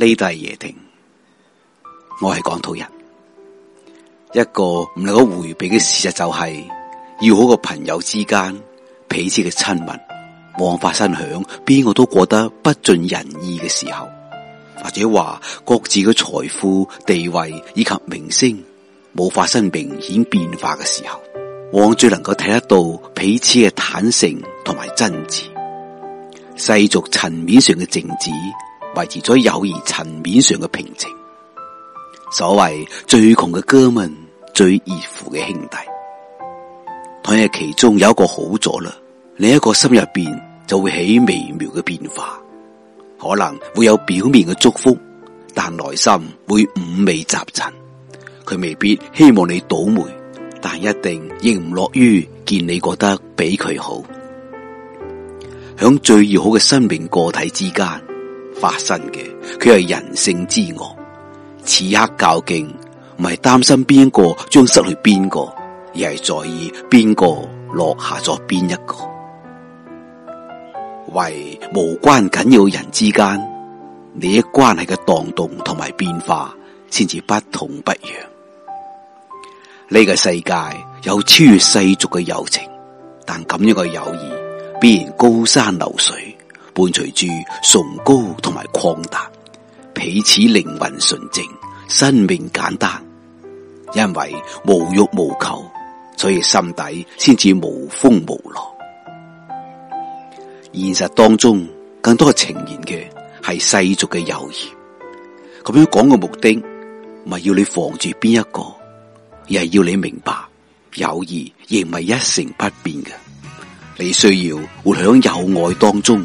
呢度係夜定。我係廣土人。一個唔能夠回避嘅事實就係、是，要好嘅朋友之間彼此嘅親密，往往發生響邊個都過得不盡人意嘅時候，或者話各自嘅財富地位以及名聲冇發生明顯變化嘅時候，往往最能夠睇得到彼此嘅坦誠同埋真摯，世俗層面上嘅鏡子。維持咗友誼層面上嘅平靜。所謂最窮嘅哥們，最熱乎嘅兄弟，倘若其中有一個好咗啦，另一個心入邊就會起微妙嘅變化，可能會有表面嘅祝福，但內心會五味雜陳。佢未必希望你倒霉，但一定亦唔樂於見你覺得比佢好。響最要好嘅生命個體之間。發生嘅，佢係人性之惡。此刻較勁，唔係擔心邊個將失去邊個，而係在意邊個落下咗邊一個。為無關緊要的人之間，你關係嘅蕩動同埋變化，先至不痛不癢。呢個世界有超越世俗嘅友情，但咁樣嘅友誼必然高山流水。伴隨住崇高同埋曠達，彼此靈魂純淨，生命簡單，因為無欲無求，所以心底先至無風無浪。現實當中，更多係呈現嘅係世俗嘅友誼。咁樣講嘅目的，唔係要你防住邊一個，而係要你明白友誼亦唔係一成不變嘅。你需要活響友愛當中。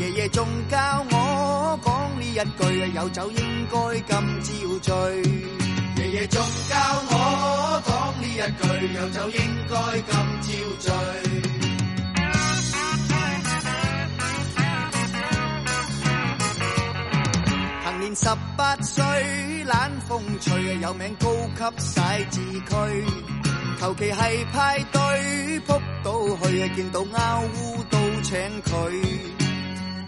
爺爺仲教我講呢一句，有酒應該今朝醉。爺爺仲教我講呢一句，有酒應該今朝醉。行年十八歲，懶風吹，有名高級洗字區。求其係派對撲到去，見到歐烏都請佢。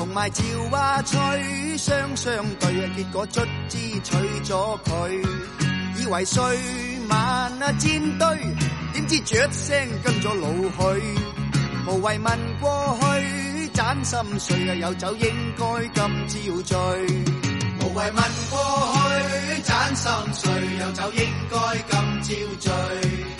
同埋照哇吹，雙雙對，結果卒之娶咗佢。以為歲晚啊煎堆，點知一聲跟咗老去。無謂問過去，盞心碎啊，有酒應該今朝醉。無謂問過去，盞心碎，有酒應該今朝醉。